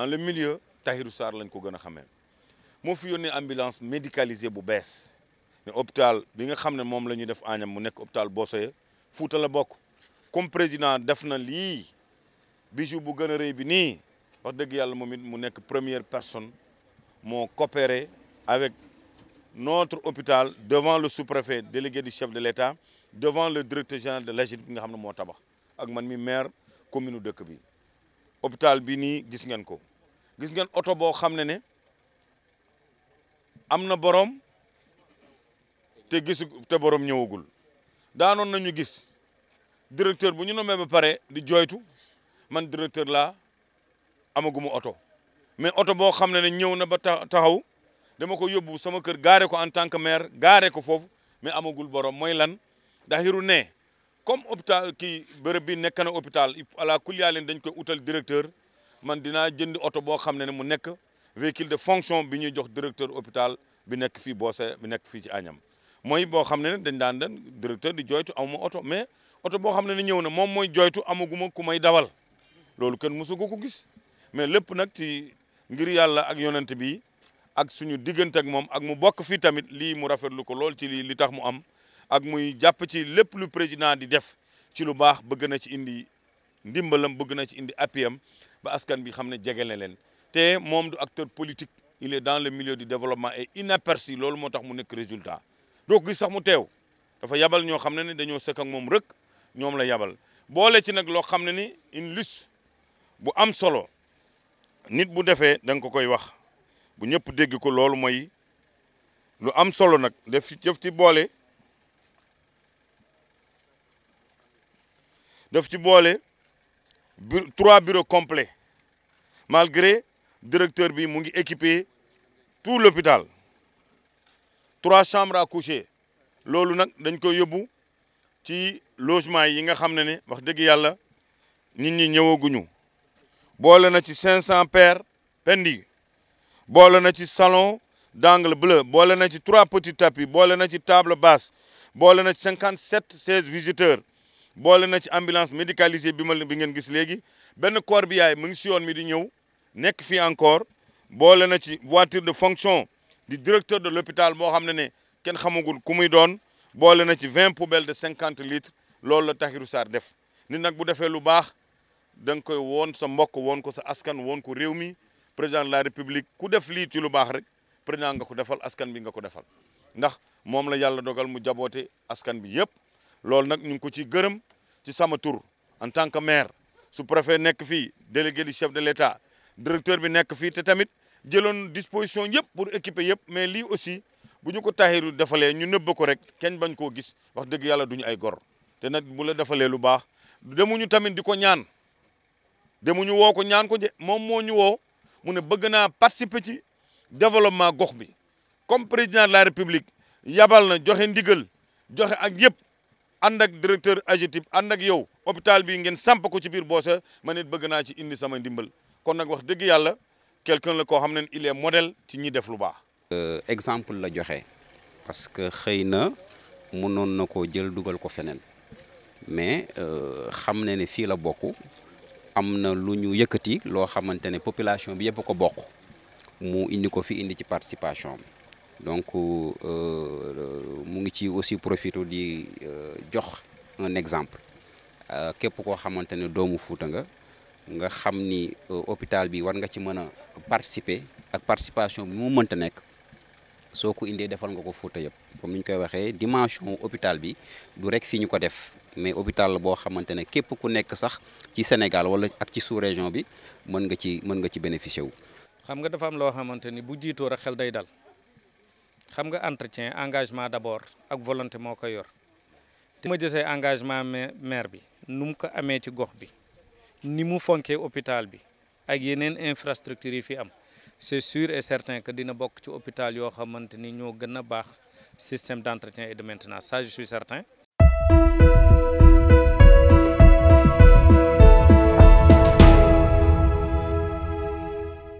dans le milieu Tahirou Sarr lañ ko gën a xamee moo fi yónnee ambulance médicalisée bu bees ne hôpital bi nga xam ne moom la ñuy def Agnam mu nekk hôpital Bosoye Fuuta a bokk comme président def na lii bi jour bu gën a rëy bi nii wax dëgg yàlla moom mu nekk première personne moo coopéré avec notre hôpital devant le sous-préfet délégué du chef de l'État devant le directeur général de l'AGET bi nga xam ne moo tabax ak man mi maire commune dëkk bi hôpital bi nii gis ngeen ko gis ngeen oto boo xam ne ne am na borom te gisu te borom ñëwagul daanoon nañu gis directeur bu ñu nommé ba pare di jooytu man directeur laa amaguma oto mais oto boo xam ne ne ñëw na ba taxaw dama ko yóbbu sama kër gaaree ko en tant que maire gaare ko foofu mais amagul borom mooy lan daxiru ne comme hôpital kii bërëb bi nekk na hôpital ala kulyaa leen dañ koy utal directeur man dinaa jënd oto boo xam ne ne mu nekk véhicule de fonction bi ñuy jox directeur hôpital bi nekk fii Bosse bi nekk fii ci añam mooy boo xam ne ne dañ daan dan directeur di joytu amuma oto mais oto boo xam ne ne ñëw na moom mooy joytu amaguma ku may dawal loolu kenn mosu ko ko gis mais lépp nag ci ngir yàlla ak yonent bi ak suñu diggante ak moom ak mu bokk fii tamit lii mu rafetlu ko lool ci lii li tax mu am ak muy jàpp ci lépp lu président di def ci lu baax bëgg na ci indi ndimbalam bëgg na ci indi appui ba askan bi xam ne jege na leen te moom du acteur politique il est dans le milieu du développement et inaperçu loolu moo tax mu nekk résultat doo gis sax mu teew dafa yabal ñoo xam ne ni dañoo sëkk ak moom rek ñoom la yabal boole ci nag loo xam ne ni une lutte bu am solo nit bu defee danga ko koy wax bu ñëpp dégg ko loolu mooy lu am solo nag def ci def ci boole def ci boole trois bureaux complets malgré directeur bi mu ngi équipé tout l'hôpital trois chambres à coucher loolu nag dañ koy yóbbu ci logement yi nga xam ne ne wax dëgg yàlla nit ñi ñëwaguñu boole na ci cinq cent paires pendi boole na ci salon d'angle bleu boole na ci trois petits tapis boole na ci table basse boole na ci cinquante sept seize visiteurs boole na ci ambulance médicalisée bi ma bi ngeen gis léegi benn corps bi yaay mu ngi si yoon mi di ñëw nekk fii encore boole na ci voiture de fonction di directeur de l'hôpital boo xam ne ne kenn xamagul ku muy doon boole na ci vingt poubelles de cinquante litres loolu la Tahirou Sarr def nit nag bu defee lu baax da koy woon sa mbokk woon ko sa askan woon ko réew mi président de la république ku def lii lu baax rek président nga ko defal askan bi nga ko defal ndax moom la yàlla dogal mu jaboote askan bi yëpp loolu nag ñu ngi ko ciy gërëm ci sama tur en tant que maire su préfet nekk fii délégué du chef de l'État directeur bi nekk fii te tamit jëloon disposition yëpp pour équiper yëpp mais lii aussi bu ñu ko taxiru defalee ñu nëbb ko rek kenn bañ koo gis wax dëgg yàlla duñu ay gor te nag bu la defalee lu baax demuñu tamit di ko ñaan demuñu woo ko ñaan ko je moom moo ñu woo mu ne bëgg naa participer ci développement gox bi comme président de la république yabal na joxe ndigal joxe ak yëpp ànd ak directeur AGETIP ànd ak yow hôpital bi ngeen samp ko ci biir Bosse ma nit bëgg naa ci indi sama ndimbal kon nag wax dëgg yàlla quelqu'un la koo xam ne il est modèle ci ñi def lu baax. Euh, exemple la joxe parce que xëy na noon na koo jël dugal ko feneen mais euh, xam na ni fii la bokk am na lu ñu yëkkati loo xamante ne population bi yëpp ko bokk mu indi ko fi indi ci participation bi euh, mu ngi ci aussi profité di. jox un exemple euh, képp koo xamante ne doomu Fuuta nga nga xam ni euh, hôpital bi war nga ci mën a participer ak participation bi mu mënta nekk soo ko indee defal nga ko Fuuta yëpp comme ni ñu koy waxee dimension hôpital bi du rek fii ñu ko def mais hôpital boo xamante ne képp ku nekk sax ci Sénégal wala ak ci sous-région bi mën nga ci mën nga ci bénéficier wu. xam nga dafa am loo xamante ni bu jiitoo rek xel day dal xam nga entretien engagement d'abord ak volonté moo koy yor. te ma jësee engagement maire bi nu mu ko amee ci gox bi ni mu fonkee hôpital bi ak yeneen infrastructure yi fi am c'est sûr et certain que dina bokk ci hôpital yoo xamante ni ñoo gën a baax système d'entretien et de maintenance ça je suis certain